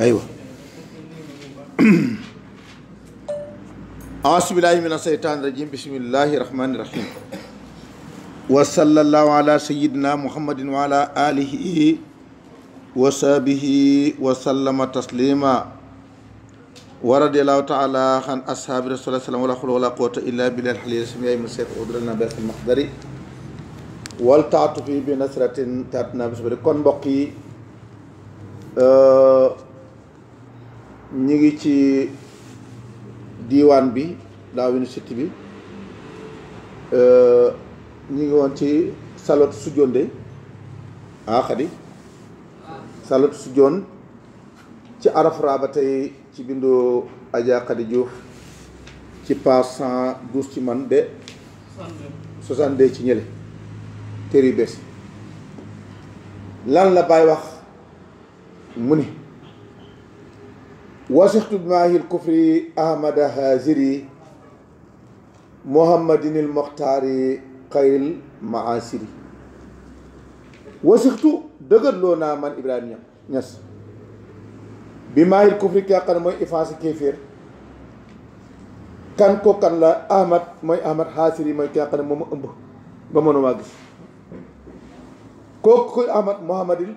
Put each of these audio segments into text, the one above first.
ايوه أعوذ بالله من الشيطان الرجيم بسم الله الرحمن الرحيم وصلى الله على سيدنا محمد وعلى آله وصحبه وسلم تسليما ورد الله تعالى عن أصحاب رسول الله صلى الله عليه وسلم ولا قوة إلا بالله الحلي السميع من سيف أدرنا بأس المقدري والتعطف بنصرة تاتنا بسبب كون بقي Euh, ñu ngi ci diwaan bi Darwin City bi euh, ñu ngi woon ci Salot Sujonde ah xadi Salot Sujon ci Arafra ba tey ci bindoo Adja Khady ci page cent douze ci man de soixante-deux ci ñële téere yu bees lan la Baay wax mu ni wasixtu maahil kufri ahmada haaziri muhammadinil moxtaari xayril maasiri wasixtu dëgërloo naa man Ibrahima Ñas bi maahil kufri ki nga mooy ifaasi kéeféer kan ko kan la ahmad mooy ahmad haasiri mooy ki nga xam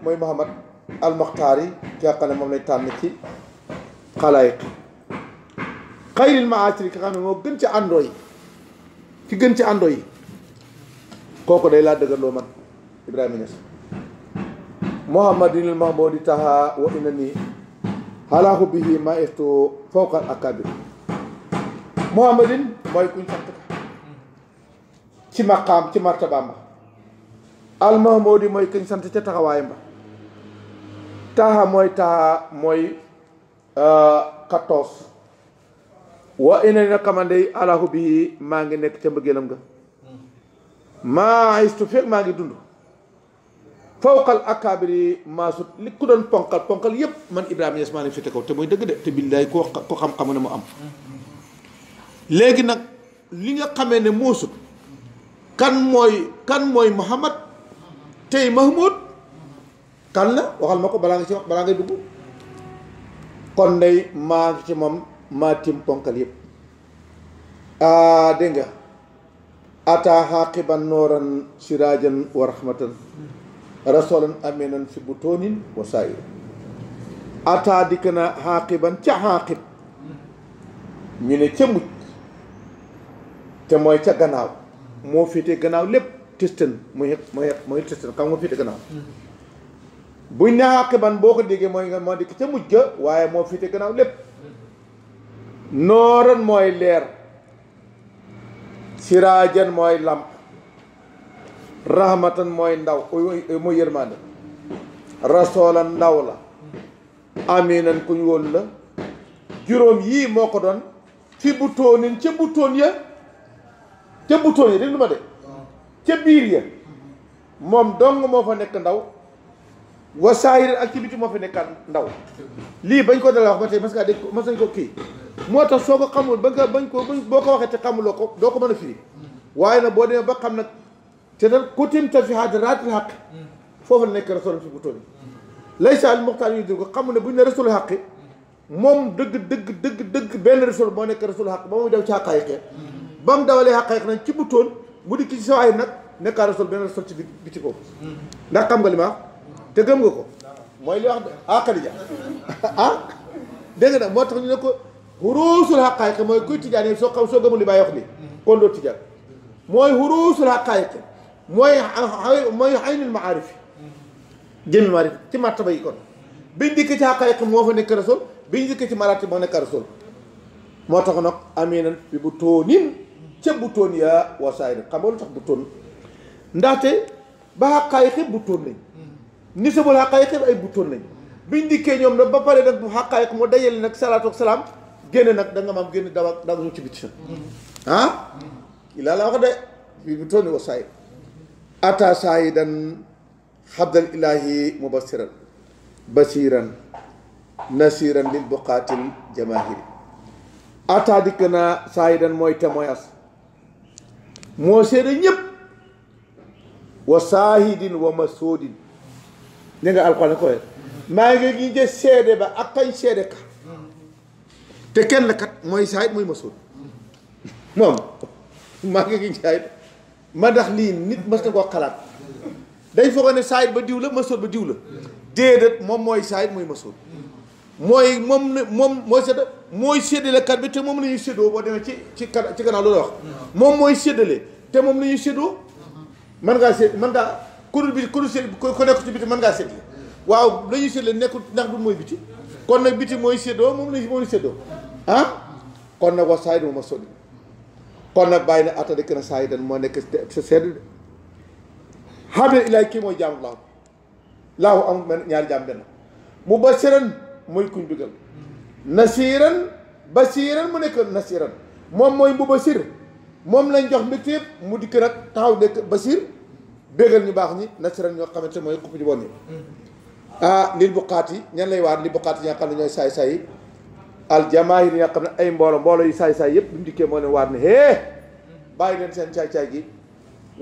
mooy muhammad al yi ki nga xam lay tan ci xalaayik xayril al ki ka xam mo gën ci àndoo yi ki gën ci àndoo yi kooku day laa lo man Ibrahima muhammadin al Taha wa bihi ma fawqa al akabir Muhammadin moy kuñ sant ci maqam ci martaba ma al Mahmoudi moy kuñ sant ci taxawayam taxa mooy taxa mooy euh, quatorze wa ina na kamande alahu bi maa ngi nekk ca mbëggeelam ga maa istu fekk maa ngi dund fawqal akaabiri maa sut li ku doon ponkal ponkal yépp man Ibrahima Niass maa leen féete kaw te mooy dëgg de te billaay ko ko xam-xam ne mu am léegi nag li nga xame ne moo sut kan mooy kan mooy Muhammad tey Mahmoud kan la waxal ma ko balaa nga ci wax balaa ngay dugg kon day maa ci moom maa tim ponkal yëpp dégg nga ataa xaaqiban nooran siraajan wa rahmatan rasulan aminan fi butoonin wa saayir ataa dikk na xaaqiban ca xaaqib ñu ne ca mujj te mooy ca gannaaw moo féete gannaaw lépp tëstan mooy mooy mooy tëstan xam nga féete gannaaw bu ne àqiban boo ko déggee mooy nga moo dikk ca mujj waaye moo fiite gannaaw lépp nooran mooy leer siraajan mooy làmp rahmatan mooy ndaw mu yërmande rasoolan ndaw la aminan kuñ wóolu la juróom yii moo ko doon fi butoonin ca butoon ya ca butoon ya déglu ma de ca biir ya moom dong moo fa nekk ndaw wa saayir activité moo fi nekkaat ndaw lii bañ ko dala wax ba tey parce que dañ ko mas nañ ko kii moo tax soo ko xamul ba nga bañ ko boo ko waxee te xamuloo ko doo ko mën a firi waaye nag boo demee ba xam nag te dal kutimta fi hadratil haqq foofu nekk rasul fi butoon yi lay sa al muxtaar yu dir ko xamul ne buñ ne rasul haqq moom dëgg dëgg dëgg dëgg benn rasul moo nekk rasul haqq ba moom dem ci xaqaayiqee ba mu dawalee xaqaayiq nag ci butoon mu ki ci yi nag nekkaa rasul benn rasul ci bi ci kaw ndax xam nga li ma te gëm nga ko mooy li wax ah Khadija ah dégg nga moo tax ñu ne ko xuruusul xaqaayiq mooy kuy tijaane soo xam soo gëmul li bàyyi wax ni kon doo tijaan mooy xuruusul xaqaayiq mooy mooy aynul maarif jëmi maarif ci martaba yi kon biñ dikk ci xaqaayiq moo fa nekk rasul biñ dikk ci maraati moo nekk rasul moo tax nag aminan bi bu tóonin ca bu tóon yaa wasaay nag xam nga lu tax bu tóon ndaxte ba xaqaayiq bu tóon nañ nisabul xaqaayiq yëpp ay buttoon lañ biñ dikkee ñoom nag ba pare nag bu xaqaayiq moo dajale nag salaatu ak salaam génn nag da nga maam génn daw ak daw ci biti ah laa la wax de fii bu toll nii wa saayidan xabdal ilaahi mubassiran basiran nasiran lil buqaatil jamaahiri ata dikk na saayidan mooy témoignage moo seede ñëpp wa wa masoodin dégg nga alxuraan ko maa ngi gi jë seede ba ak kañ seede ka te kenn la kat mooy saayit muy masuul moom maa ngi gi saayit ma ndax lii nit mas na koo xalaat dañ foog ne saayit ba diw la masuul ba diw la déedéet moom mooy saayit muy masuul mooy moom ne moom mooy sédd mooy séddale kat bi te moom lañuy ñuy séddoo boo demee ci ci kan ci gannaaw loolu wax moom mooy séddale te moom lañuy ñuy séddoo man ngaa sédd man ngaa kudul biti kudul seet ku nekk ci biti mën ngaa seetle waaw la ñuy seetle nekkul ndax bi mooy biti kon nag biti mooy séddoo moom lañ moom la séddoo ah kon nag wax saa yi du kon nag bàyyi na atta dëkk na saa moo nekk sa seetlu de xaabir ilaay kii mooy jaamu laaw laaw amul benn ñaari jaam benn mu basiran mooy kuñ dugal nasiiran basiiran mu nekk nasiiran moom mooy mu basir moom lañ jox mbégte yëpp mu dikk nag taxaw nekk basir bégal ñu baax ñi nasiral ñoo xamante mooy xupp ñu bon ñi ah lil buqaat yi ñan lay waat lil buqaat yi ñi xam ne ñooy saay-saay yi aljamaahir yi nga xam ne ay mboolo mboolo yu saay-saay yëpp duñu dikkee moo leen waat ne hee bàyyi leen seen caay-caay gi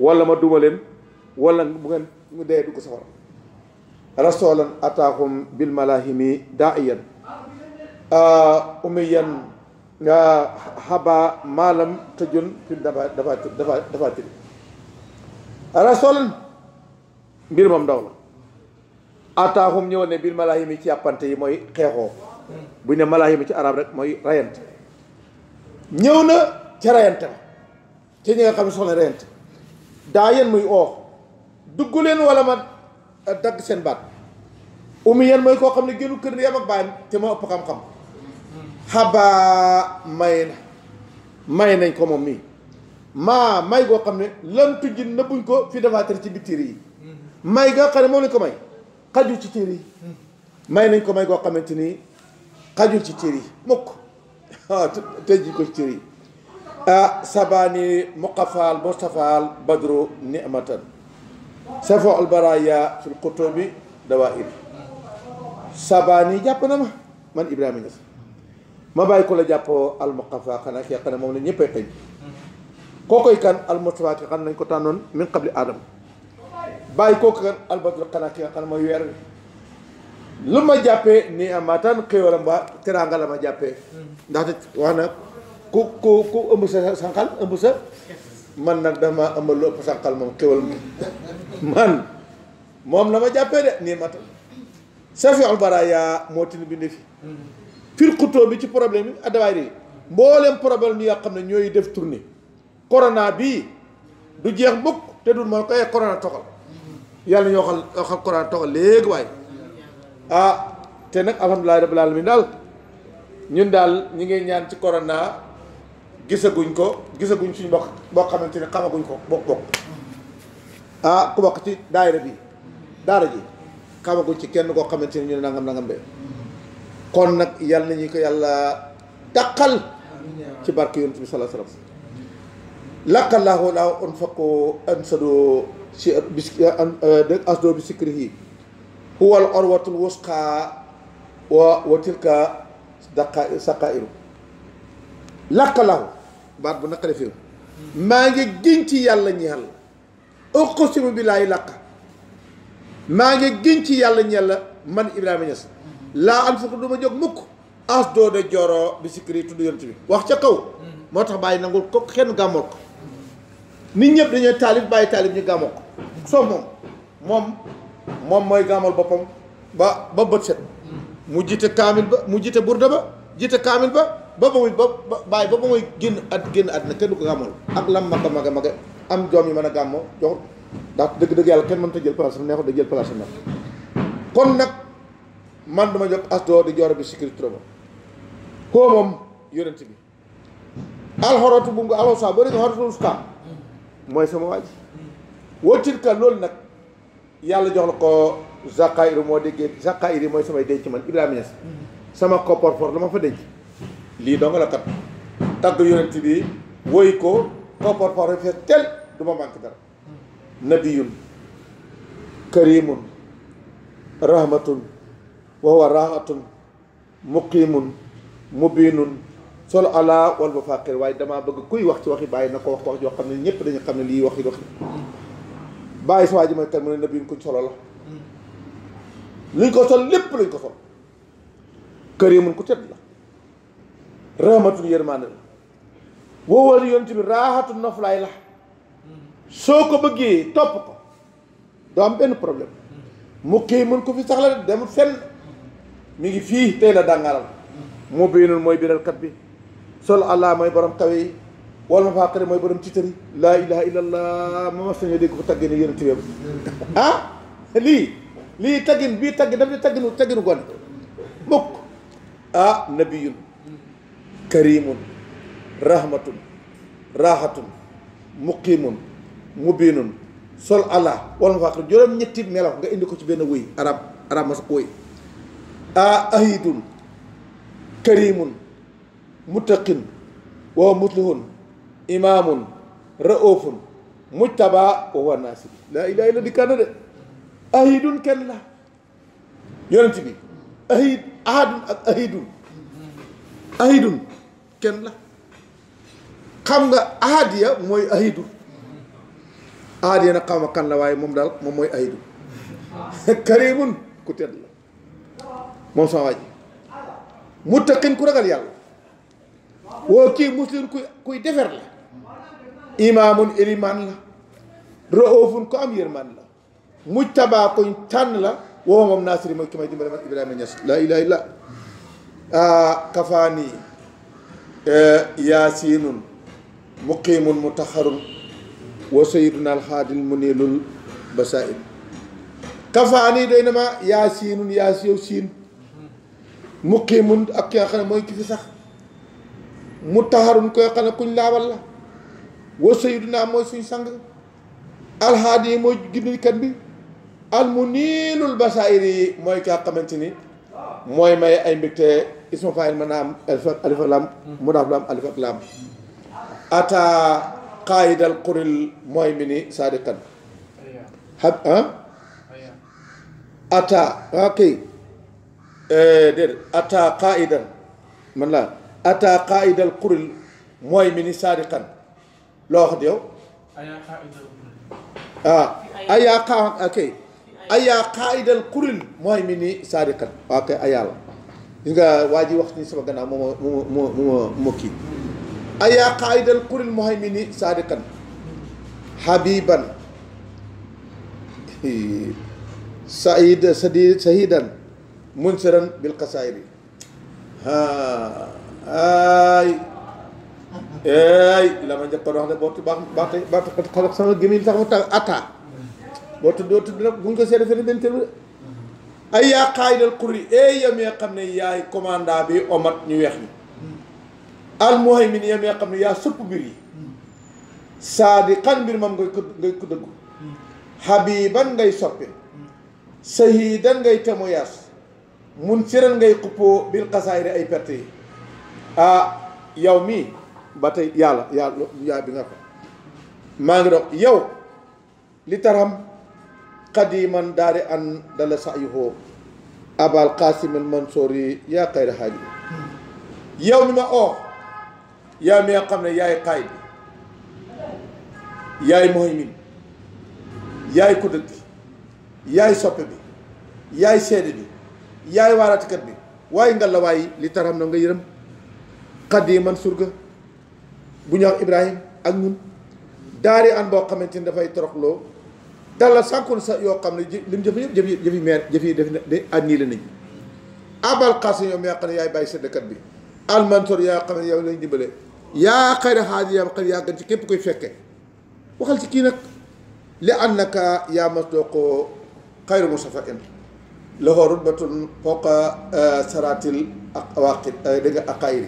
wala ma duma leen wala bu ngeen mu dee dugg safara rasulan ataahum daa malahimi daiyan ah, umiyan ah, haba maalam tëjun fi dafa dafa dafa rasul mbir moom ndaw la ataahum ñëw ne bil malaahimi ci yàppante yi mooy xeexoo bu ñu ne malaahimi ci arab rek mooy rayante ñëw na ca rayante la ci ñi nga xam ne soxla rayante daa yéen muy oox dugg leen ma eh, dagg seen baat umi yéen mooy koo xam ne génnu kër ne yam ak bàyyam te moo ëpp xam-xam xabaa may na may nañ ko moom mii ما ماي غو خامني تجي نبوغن في دفاتر تي بيتيري ماي غا خاني مولا كو ماي قاديو تي تيري ماي نين كو ماي غو خامتيني قاديو تي تيري موك تجي كو تيري ا سباني مقفال مصطفال بدرو نعمتن سفع البرايا في الكتب دوائر سباني جابنا ما من ابراهيم ما بايكو لا جابو المقفا خنا كي خنا مولا نيباي خاني kookoy kan almustafa ki xam nañ ko tànnoon min qabli aadama bàyyi kooku kan albadul xanaa ki nga xam ne mooy weer wi lu ma jàppee nii amaataan xéewalam ba teraanga ma jàppee na ku ku ku ëmb sa sànqal ëmb sa man nag dama ëmb lu ëpp moom xéewal moom man moom la ma jàppee de nii mata safiul moo tin bindi fi mm-hmm. fir xutoo bi ci problème yi addawaay yi mboolem problème yi nga xam ne ñooy def tournée corona bi du jeex mukk te du ma ko ay corona tokal yalla ñoo xal xal corona tokal leg way ah te nak alhamdullahi rabbil alamin dal ñun dal ñi ngi ñaan ci corona gisaguñ ko gisaguñ suñu bok bo xamanteni xamaguñ ko bok bok ah ku bok ci daayira bi daara ji xamaguñ ci kenn ko xamanteni ñu nangam nangam be kon nak yalla ñi ko yalla takal ci barki yunus bi sallallahu alaihi wasallam laqallaahu laa on faqo an sado si bis baat bu naqare fiw maa ngi giñ ci yàlla ñeel maa ngi giñ ci yàlla ñeel la man Ibrahima Niass laa an faqo du ma jóg mukk asdo de joro bi sikri tudd yonent wax ca kaw moo tax bàyyi nangul ko xen gàmmool ko nit ñëpp dañooy taalif bàyyi taalif ñu gàmmoo ko soo moom moom mooy gàmmal boppam ba ba bët set mu jiite kaamil ba mu jiite burda ba jiite kaamil ba ba ba muy ba bàyyi ba ba muy génn at génn àddina kenn du ko gàmmal ak lam mag a mag a mag am doom yi mën a gàmmoo jox dëgg-dëgg yàlla kenn mënut a jël place am neexut da jël place kon nag man dama jóg as doo di joor bi sécurité ba koo moom yonent bi alxorotu bu ngu alxorotu saa boo mooy sama waaj wóotil ka loolu nag yàlla jox la ko Zakaïru moo déggee Zakaïri mooy samay denc man Ibrahima Niass sama coffre-fort ma fa denc lii dong la kat tagg yonent bi woy ko coffre-fort fees tel du ma manqué dara nabiyun karimun rahmatun wa huwa muqimun mubinun sol ala wal ba faqir way dama bëgg kuy wax ci waxi bay na ko wax wax joo xamni ñepp dañu xamni li waxi waxi bay so waji ji tam na nabi ko nabiin solo la liñ ko sol lepp lañ ko sol kër yi mun ku tedd la rahmatul yermane wo wal yonti bi rahatun naflay la soko ko top ko do am ben problème mu mun ko fi sax la fenn mi ngi fi tey la dàngaaral mu biinul biral kat bi sol allah mooy borom kawe yi wal ma mooy borom tiitar yi laa ilaha illa allah ma mas nañoo dégg ko taggee ni yonent bi ah lii lii taggin bii taggi daf di tagginu tagginu gone mukk ah nabiyun karimun rahmatun rahatun muqimun mubinun sol allah wal ma faqari juróom ñetti melaw nga indi ko ci benn wuy arab arab mas woy ah ahidun muttaqin wa muslihun imaamun raofun mujtaba wa huwa naasib laa ilaaha illa dikkaat na de ahidun kenn la yonent bi ahid ahadun ak ahidun ahidun kenn la xam nga ahad ya mooy ahidu ahad ya nag xam nga kan la waaye moom daal moom mooy ahidu karimun ku tedd la moom sama waaj muttaqin ku ragal yàlla woo kii muslim kuy kuy defar la imaamun iliman la raufun ko am yërman la mujtaba kuñ tànn la woo moom naasiri mooy ki may dimbale man ibrahima ñas laa ilaha illa kafaani yaasinun muqimun mutaxarun wa sayiduna alxaadil munilul basaid kafaani doy na ma yaasinun yaas yow siin muqimun ak ki nga xam ne mooy ki fi sax mu taxarun koy xam ne kuñ laabal la wa sayyiduna mooy suñ sang alhaadi yi mooy gindikat bi almuniilul basaayiri yi mooy kaa xamante ni mooy may ay mbégte isma fayil mën naa am alif ak laam mu daaf laam alif ah? Ah, kay eh, déedéet man laa ata qaidal quril mooy mi ni saadiqan loo wax yow ah ayaa qa ok ayaa qaidal quril mooy mi ni saadiqan waaw kay ayaa la gis nga waa ji wax ni sama gannaaw moo ma mu ma mu ma mu kii ayaa qaidal quril mooy mi ni saadiqan habiban said sadi sahidan munsiran bil qasairi ha ay ay la ma njëkkoon wax ne boo ci baax baax tey baax xalak sama gémmiñ sax mu tax atta boo tudd doo tudd nag buñ ko seede fene benn tëb ay yaa qaayidal qurri ey yow mi nga yaay commandant bi omat ñu weex ñi al muhaymin yow mi nga xam ne yaa sëpp mbir yi ngay ngay ko dëggu habiban ngay soppi sahidan ngay temoyaas munsiran ngay xuppoo bil xasaayiri ay perte ah yow mii ba tey yàlla yàlla yaa bi nga ko maa ngi dox yow li taram qadiman daari an dala sayuhu abal qasim al mansuri yaa xayra xaaji yow mi ma oo yaa mi nga xam ne yaay xaay bi yaay muhaymin yaay kuddët bi yaay soppe bi yaay seede bi yaay waaratikat bi waaye nga li taram na nga yërëm xaddiman surga bu ñu wax Ibrahim ak ñun daari an boo xamante ni dafay toroxloo dalla sànkun sa yoo xam ne li mu jëf yëpp jëf yi def na de annii la nañ abal xaasin yow mi nga xam ne yaay bàyyi séddkat bi almantor yaa xam ne yow lañ dimbale yaa xayra xaaji yaa gën ci képp koy fekke waxal ci kii nag li annaka yaa mas doo ko xayru musafa in loxoo rutbatun fooqa euh, saratil ak awaqit euh, dégg nga aqaayiri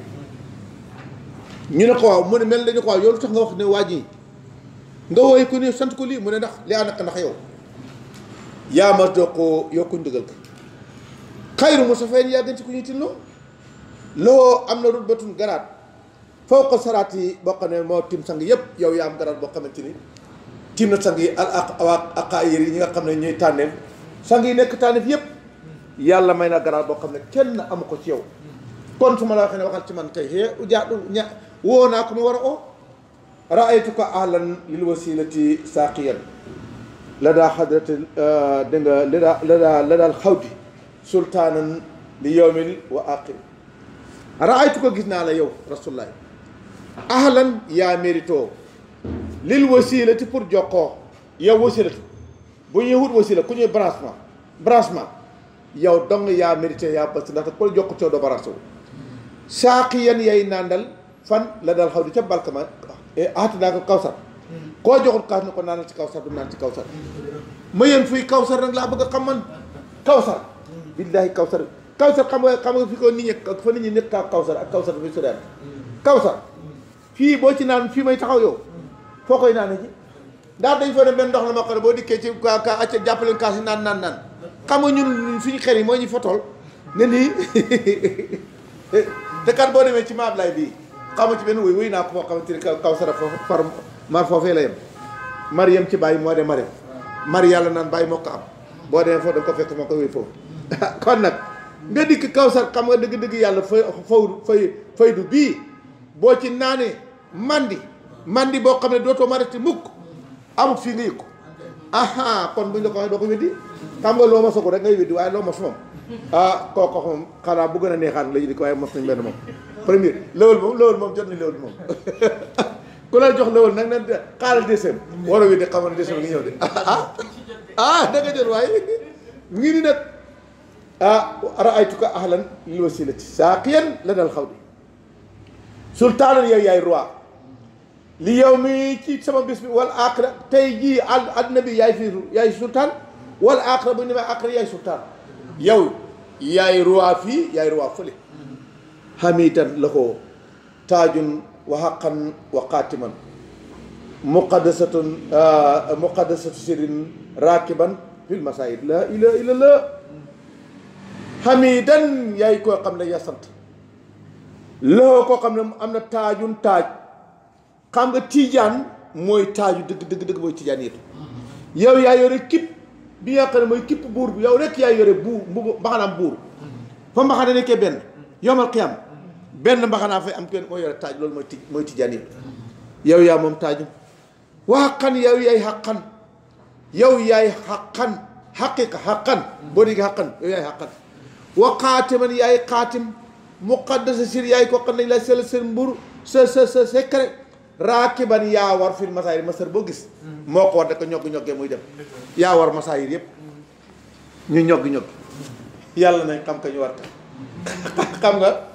ñu ne ko waaw mu ne mel dañu ko waaw yow lu tax nga wax ne waa ji nga wooy ku ne sant ko lii mu ne ndax li ànd ak ndax yow yaa ma doog koo yokku ndigal ko xayru mu sa feen yaa gën ci ku ñuy tinloo loo am na rutbatun garaat foo ko saraat yi boo xam ne moo tim sang yëpp yow yaa am garaat boo xamante ni tim na sang yi al aqa yër yi ñi nga xam ne ñooy tànneef sang yi nekk tànneef yëpp yàlla may na garaat boo xam ne kenn amu ko ci yow kon su ma la waxee ne waxal ci man kay xee eh, ujaat ña وانا كم mi رأيتك أهلا للوسيلة ساقيا لدى حضرة آه، دنجا لدى لدى لدى الخودي سلطانا ليوم وآخر رأيتك جزنا على يوم رسول الله أهلا يا ميريتو للوسيلة pour جوكو يا وسيلة بو يهود وسيلة كوني براسما براسما يا دونغ يا ميريتو يا بس لا تقول جوكو تشودو براسو ساقيا يا ناندل fan la daal xaw di ca ma eh, aati naa ko kawsar koo joxul kaas na ko naanal ci kawsar du naan ci kawsar ma yéen fuy kawsar nag laa bëgg xam man kawsar billaahi kawsar kawsar xam nga xam nga fi ko nit ñi fa nit ñi nekk kaa kawsar ak kawsar dafay soriyaat kawsar fii boo ci naan fii may taxaw yow foo koy naane ji ndax dañ foo ne benn ndox la ma ko ne boo dikkee ci ka ka acca jàppaleen kaas yi naan naan naan xam nga ñun suñu xel yi moo ñu fotool ne nii te eh, kat boo demee ci maam lay xaw ci benn wuy wuy naa ko foo xamante ni kaw sara far la yem mar ci bàyyi moo de mari mar naan bàyyi moo am boo demee foofu da nga ko fekk kon nag nga dikk kaw sar xam nga dëgg-dëgg yàlla fay fay faydu bii boo ci naanee mandi mandi boo xam ne dootoo marati mukk amut fii nga yëg ko kon buñ la ko ko weddi xam nga loo ma soog rek ngay weddi waaye loo mos moom ah kooku moom xanaa bu gën a neexaan la ñu di ko waaye mos nañ benn moom premier lëwal moom lëwal moom jot ni lëwal moom ku la jox lëwal nag nag de xamal deuxième ngi ñëw de ah ah da nga jot ah, raaytuka ahlan lil wasilati saaqiyan la dal xaw di sultaanan yow yaay yow mi ci sama bis bi wal aqra tey jii al àdduna bi yaay fii wal aqra bu ñu demee aqra yaay sultaan yow yaay roi fii yaay roi fële hamitan lahu taajun wa haqqan wa qaatiman muqaddasatun ah, muqaddasatu sirin raakiban fil masaayid laa ilaaha illallah hamidan yaay koo xam ne yaa sant lahu koo xam ne am na taajun taaj xam nga tiijaan mooy taaju dëgg dëgg dëgg mooy tiijaan yëpp yow yaa yore kipp bi nga xam ne mooy kipp buur bi yow rek yaa yore buur mbaxanaam buur fa mbaxana nekkee benn yomal qiyaam benn mbaxanaa fay am kenn mooy yore taaj loolu mooy ti mooy tijaan yi yow yaa moom taajum waa xaqan yow yaay xaqan yow yaay xaqan xaqiqa xaqan yaay xaatim muqaddasa sir yaay koo xam ne la sel seen mbur sa sa sa secret yaa war fil masaayir masar boo gis hmm. moo ko war da ko ñoggi ñoggee muy dem yaa war masaayir yëpp hmm. ñu ñoggi ñoggi yàlla nañ xam ka ñu war ka xam nga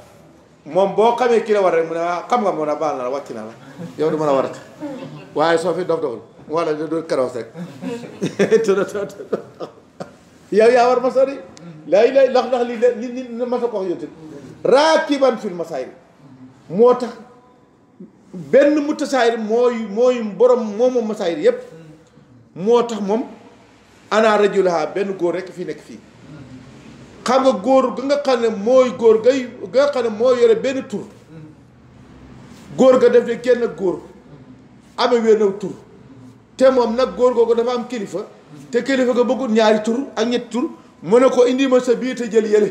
moom boo xamee ki la war rek mu ne ah xam nga moom a baal na la wàcc na la yow du mën a warat waaye soo fi dof doful wala du karoos rek yow yaa war ma sori lay lay ndax ndax lii de li li ma sa ko wax yonte raakiban fil masaayil moo tax benn mutasaayir mooy mooy borom moomu masaayir yëpp moo tax moom ana rajulaha benn góor rek fi nekk fii xam nga góor ga nga xam ne mooy góor gay ga nga xam ne moo yére benn tur góor ga def ne génn góor amee wenn tur te moom nag góor googu dafa am kilifa te kilifa ga bëggut ñaari tur ak ñetti tur mu ne ko indi ma sa biir te jël yële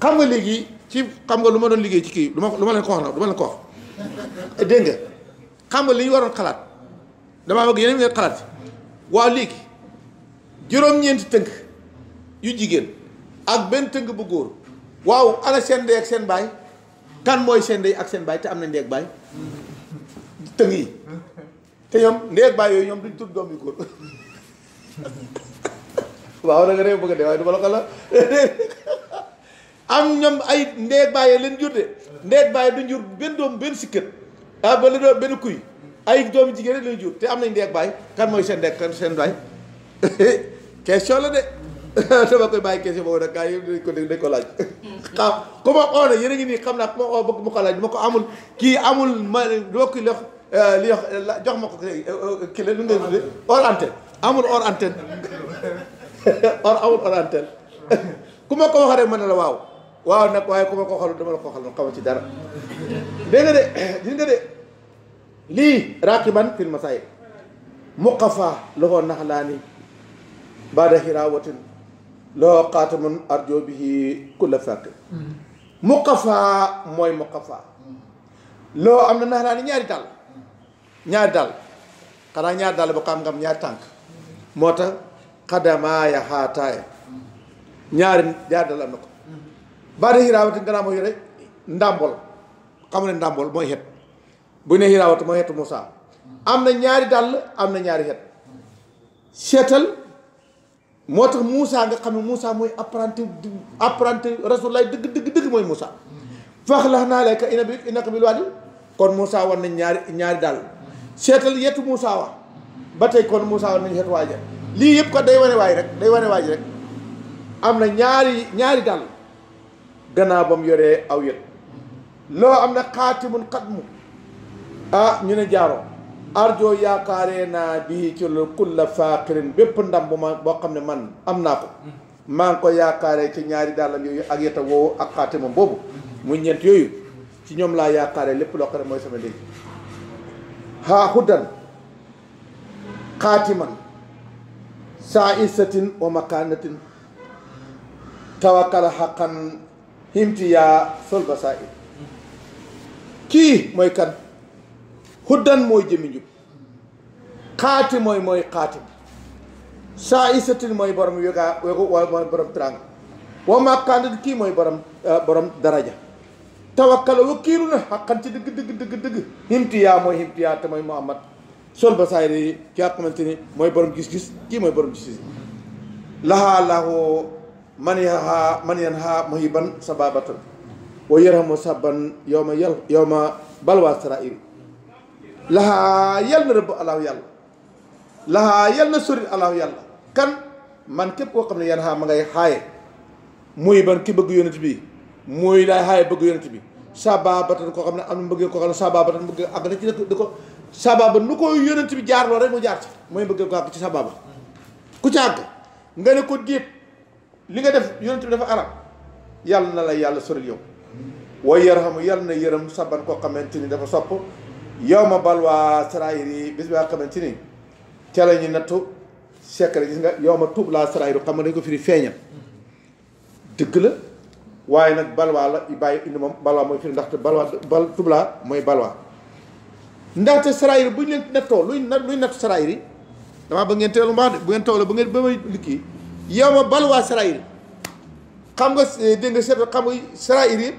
xam nga léegi ci xam nga lu ma doon liggéey ci kii du ma lu ma leen ko wax na lu ma leen ko wax dégg nga xam nga li ñu waroon xalaat damaa bëgg yeneen ngeen xalaat waaw léegi juróom-ñeenti tënk yu jigéen ak benn tënk bu góor waaw ana seen ndey ak seen baay kan mooy seen ndey ak seen baay te am na ndey ak te ñoom ndey baay yooyu ñoom duñ tudd doom yu góor bëgg a dee la la am ñoom ay ndey ak baay leen jur de ndey baay duñ jur benn doom benn sikkat ah ba la doon ay doomu jigéen rek lañ jur te am nañ ndey ak baay kan mooy seen ndey ak seen baay question la de dama koy bàyyi question boobu nag ko dañ ko laaj. xam ku ma oo nag a ngi nii xam naa ku ma oo bëgg ma ko laaj ma ko amul kii amul ma doo euh, ma ko kii la nu nga tuddee hors antenne amul hors antenne ku ma ko wax rek ma ne la waaw waaw nag waaye ku ma ko waxal dama la ko waxal ma xamal ci dara dégg de gis de lii raqiban fil masaayib muqafa loxoo nax laa ni baada xiraawatin loo xaataman arjo bihi kulla fàqir muqafa mooy muqafa loo am na naxaraani ñaari dàll ñaari dàll xanaa ñaari dàll bu xam ngam ñaari tànk moo tax xadamaaya xaataaya ñaari ñaari dàll am na ko baa de nga naa moo yore ndàmbol xam ne ndàmbol mooy xet bu ne xiraawati mooy xetu Moussa am na ñaari dàll am na ñaari xet seetal moo tax Moussa nga xam ne Moussa mooy apprenti apprenti Rasulullah dëgg dëgg dëgg mooy Moussa faxlaxnaa layka inabik innaka bil waadi kon Moussa war nañ ñaari ñaari daal seetal yetu Moussa wa ba tey kon Moussa war nañ yetu waaja lii yëpp ko day wane waay rek day wane waaji rek am na ñaari ñaari daal gannaaw ba mu yoree aw yet loo am na xaatimun xat mu ah ñu ne jaaro arjo yaakaaree naa bi ci lu kulla faaqirin bépp ndam bu ma boo xam ne man am naa ko maa ngi ko yaakaaree ci ñaari dàllam yooyu ak yeta woowu ak xaatimam boobu muy ñeent yooyu ci ñoom laa yaakaaree lépp loo xam mooy sama ndéy haa huddan xaatiman saa isatin wa makanatin tawakkal xaqan himtiyaa solba saa it kii mooy kan Hudan moy jemi njub khati moy moy khati sa isatin moy borom wega wegu mooy borom trang wa ma kandid ki moy borom eh, borom daraja tawakkala wakiluna haqqan ci deug deug dëgg dëgg te muhammad sol ba saayir ki nga moy ni borom gis-gis ki moy borom gis-gis lahaa lahu man yaha man yanha muhiban sababatan wa yarhamu sabban yawma yawma balwa laxaa yal na rëbb alaaw yàlla laxaa yal na sori alaaw yàlla kan man képp koo xam ne yan xaa ma ngay xaaye muy ban ki bëgg yonent bi muy laay xaaye bëgg yonent bi saaba batan koo xam ne am na mbëggee koo xam ne saaba ko saaba ba nu mu jaar ci mooy mbëggee ko ci saaba ba ku ci àgg nga ne ko li nga def yonent bi dafa arab yàlla na la yàlla soril yow way yarhamu yàlla na yërëm saban koo xamante ni dafa sopp yow ma balwaa saraayiri bis bi nga xamante ni ca la ñu nattu secret gis nga yow ma tuub laa saraayiru xam nga dañ ko firi feeñal dëgg la waaye nag balwaa la bàyyi indi moom balwaa mooy firi ndaxte balwaa bal tuub mooy balwaa ndaxte saraayiri bu ñu leen nattoo luy na luy nattu saraayiri damaa ba ngeen teelu mbaax de bu ngeen toog la ba ngeen ba may liggéey yow ma balwaa saraayiri xam nga eh, dégg nga seetlu xam nga saraayiri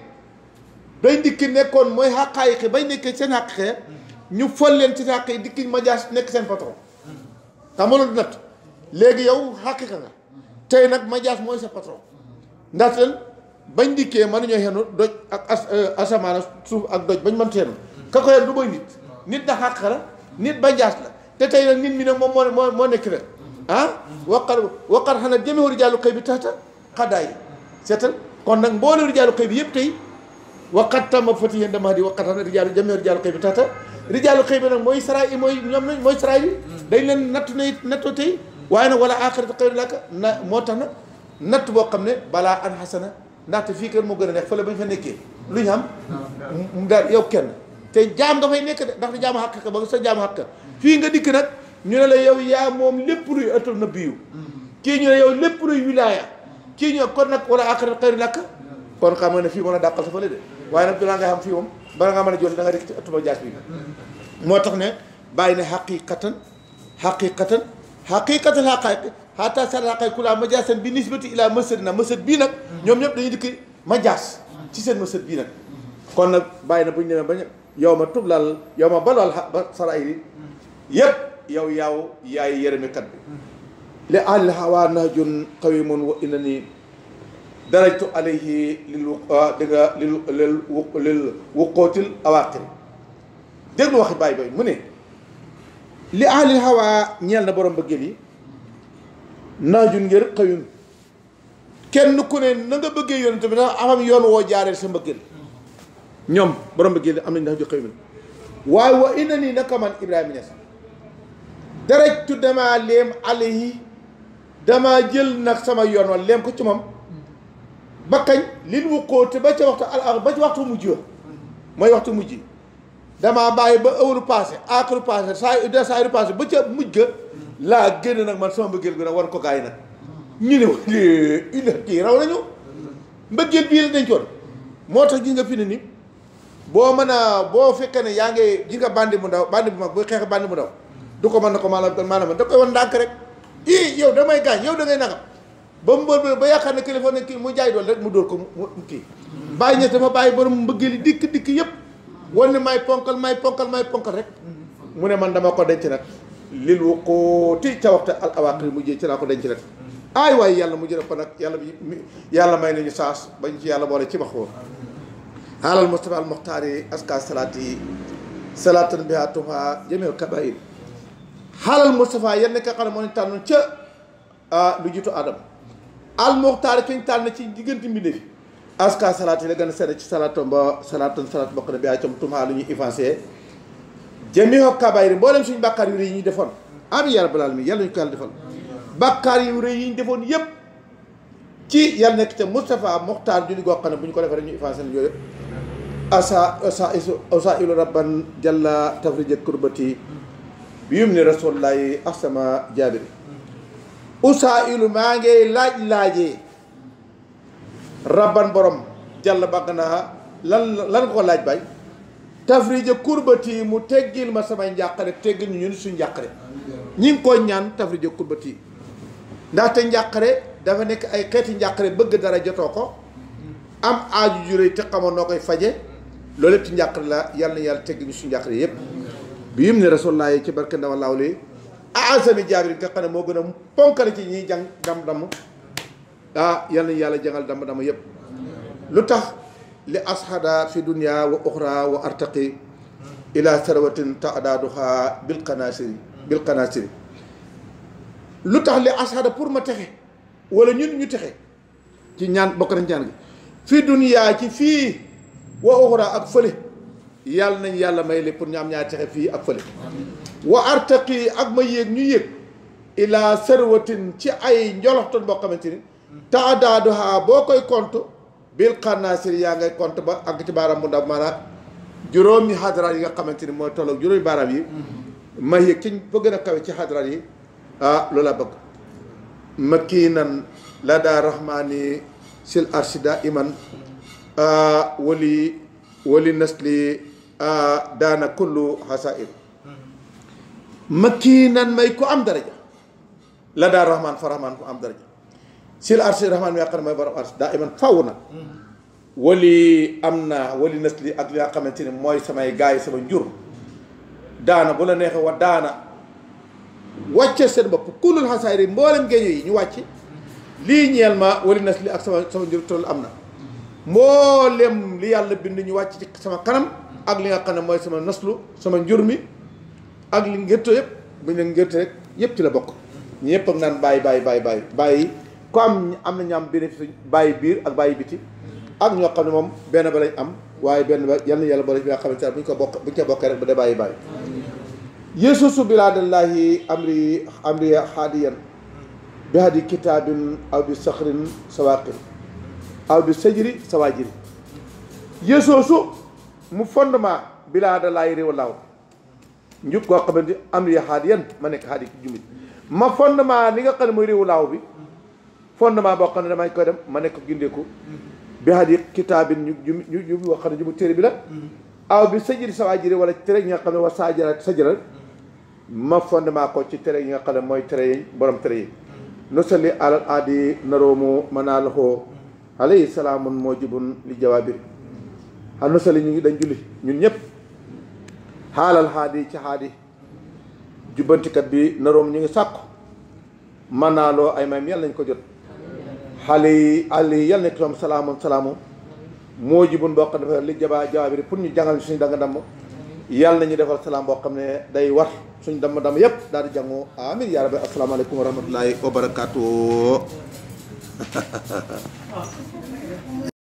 day dikki nekkoon mooy xàqaayiqi bay nekkee seen xàqiqee ñu fol leen ci xàq yi dikki majaas nekk seen patron xamaloon nag léegi yow xàqiqa nga tey nag majaas mooy sa patron ndax leen bañ dikkee mën nañoo xenu doj ak as euh, asamaan suuf ak doj bañ mën xenu ka ko xen du mooy nit nit da xàq la nit majaas la te tey nag nit mi nag moom moo moo moo nekk nag ah waqar waqar xanaa jëmewul jàllu xëy bi tax ta xaddaa yi seetal kon nag mbooloo jàllu xëy bi yëpp tey waqat tama fati yéen dama di waqatan rijaalu jamee rijaalu xëy bi taxta rijaalu xëy bi nag mooy saraay yi mooy ñoom nañ mooy saraay yi dañ leen nattu na nattoo tey waaye nag wala axirata xëy laka na moo tax nag natt boo xam ne balaa an xasana ndaxte fii kër moo gën a neex fële fa nekkee lu ñu xam yow kenn te jaam nga fay nekk de ndax di ba sa jaam xàq fii nga dikk nag ñu ne la yow yaa moom lépp luy na biiw kii yow lépp luy wilaaya kii ñu kon nag wala axirata xëy laka kon ne fii mën a dàqal sa fële de waaye nag balaa nga xam fii moom bala nga mën a jot da nga rek ci ëttuma jaas bi moo tax ne bàyyi ne xaqiqatan xaqiqatan xaqiqatan xaqaaq xataa sa xaqaay kulaa majaasan bi nisbati ilaa mësët na mësët bii nag ñoom ñëpp dañuy dikk majaas ci seen mësët bii nag kon nag bàyyi na bu ñu demee bañ yow ma tublal yow ma balal ba saraay yi yëpp yow yaaw yaay yërëmikat bi li àll xawaa nahjun qawimun wa inna nii درجت عليه آه، للوقوت الاواخر دغ واخ باي باي مني لي اهل الهوى نيال نبرم بغيلي ناجون غير قيون كين كون نغا بغي يونت بنا افام يون و جار سم بغيل نيوم برم بغيل ام نه جو قيون واي و انني نكمن ابراهيم نس درجت دما ليم عليه دما جيل نك سما يون ليم ba kañ lil te ba ca waxtu al ba ci waxtu mujj wa mooy waxtu mujj damaa bàyyi ba ëwlu passé aakalu passé saa da saa yu ba ca mujj ga laa génn nag man sama mbëggeel bi nag war ko gars yi ñu ne kii raw nañu mbëggeel bii la dencoon moo tax gi nga fi ne ni boo mën a boo fekkee ne yaa ngi ji nga bandi bu ndaw bandi bu mag buy xeex bandi bu ndaw du ko mën na ko maanaam maanaam da koy wan ndànk rek i yow damay gaañ yow da ngay nagam ba mu bër ba yaakaar ne kilifa ne kii mu jaay dool rek mu dóor ko mu kii bàyyi ñes dama bàyyi borom mbëggeel yi dikk dikk yëpp wan ne may ponkal may ponkal may ponkal rek mu ne man dama ko denc nag lii lu ko ti ca waxta al awaqir mujjee ci laa ko denc nag waaye yàlla mu jël ko nag yàlla yàlla may nañu saas bañ ci yàlla boole ci baxoon xaalal Mustafa al Muxtaar yi aska salaat yi salaatan biha tuha jameel kabair xaalal Mustafa yenn ka xam ne moo ne tànnoon ca ah, lu jiitu Adam almuxtaar kañ tànn ci diggante mbindéef yi aska salaat yi la gën a sedd ci salaatam ba salaatan salaat bokk na bi ay tam tumaa lu ñuy évancé jamiho kabayri mboolem suñu bàkkaar yu rëy yi ñu defoon am yàlla balal mi yàlla ñu ko yàlla defal bàkkaar yu rëy yi ñu defoon yëpp ci yàlla nekk ca Moustapha Mokhtar julli goo xam ne bu ñu ko defee rek ñu évancé nañ yooyu asa asa asa ilu rabban jalla tafrija kurbati bi yum ni rasulullahi asama jaabiri usaa ilu maa ngay laaj laajee raban borom jàll bàgg naa lan lan ko laaj bay tafrija kurbati mu teggil ma samay njàqare teggil ñu ñun suñ njàqare ñi ngi koy ñaan tafrija kurbati ndaxte njàqare dafa nekk ay xeeti njàqare bëgg dara jotoo ko am aju jure te xamoon noo koy faje loolu yëpp ci njàqare la yàlla na yàlla teggil ñu suñ njàqare yëpp bi yim ne rasulullah ci barke ndawal laawli aasami jaabiri te xam ne moo gën a ponkal ci ñiy jàng dam-dam ah yal nañu yàlla jàngal dam-dam yépp lu tax li ashada fi dunia wa uxra wa artaqi ila sarwatin taadaaduha bil qanaasiri bil qanaasiri lu tax li ashada pour ma texe wala ñun ñu texe ci ñaan bokk nañ ñaan gi fi dunia ci fii wa uxra ak fële yàlla nañ yàlla may li pour ñu am ñaari texe fii ak fële wa artaqi ak ma yéeg ñu yéeg ila sarwatin ci ay njoloxtoon boo xamante ni taadaaduha boo koy compte bil xannaasir yaa ngay compte ba àgg ci baaraam bu ndaw maanaam juróomi xadaraat yi nga xamante ni mooy tolloog juróomi baaraam yi ma yéeg ci ba gën a kawe ci xadaraat yi ah loola bëgg makiinan la daa rahmaani sil arshida iman ah wali wali nasli ah daana kullu hasair makiinan may ku am daraja la daa rahmaan fa rahmaan ku am daraja sil arsi rahmaan mi nga xam ne mooy borom arsi daa iman faw nag wali am naa wali nasli ak li nga xamante ni mooy samay gaay sama njur daana bu la neexee wa daana wàcce seen bopp kulul xasaayri mboolem géeño yi ñu wàcc lii ñeel ma wali nasli ak sama sama njur toll am na mboolem li yàlla bind ñu wàcc ci sama kanam ak li nga xam ne mooy sama naslu sama njur mi ak li ngértoo yëpp bu ñu ne ngérte rek yëpp ci la bokk ñëpp ak naan bàyyi bàyyi bàyyi bàyyi bàyyi ko am am na ñu am bénéfice bàyyi biir ak bàyyi biti ak ñoo xam ne moom benn ba lañ am waaye benn ba yal na yàlla boole bi nga xam ne bu ñu ko bokk bu ñu ko bokkee rek ba da bàyyi bàyyi yesusu bilaadallaahi amri amri haadiyan bi hadi kitaabin aw bi saxrin sawaqin aw bi sajiri sawajiri yesusu mu fondement bilaadallaahi réew laaw njub goo xamante am li xaat yan ma nekk xaat yi ki jumit ma fondement li nga xam ne mooy réewu laaw bi fondement boo xam ne damay koy dem ma nekk gindeeku bi xaat yi kitaabin ñu ñu ñu boo ne jumu téere bi la aw bi sajiri sawaa jiri wala tere ñi nga xam ne war sajara sajaral ma fondement ko ci tere yi nga xam ne mooy tere borom tere yi nu salli alal aadi naroomu manaa loxoo alayhi salaamun moo jibun li jawaabir xan nu salli ñu ngi dañ julli ñun ñëpp xaalal xaadi ci xaadi jubbantikat bi naroom ñu ngi sàkku man naa loo ay mayam yàlla nañ ko jot xale yi àll yi yàlla nekk soom moo jibun boo xam ne dafa li jabaa jawaabiri pour ñu jàngal suñu danga damm yàlla nañu defal salaam boo xam ne day war suñ damm damm yëpp daal di jàngoo amin yaa rabbi asalaamaaleykum wa rahmatullahi wa barakaatu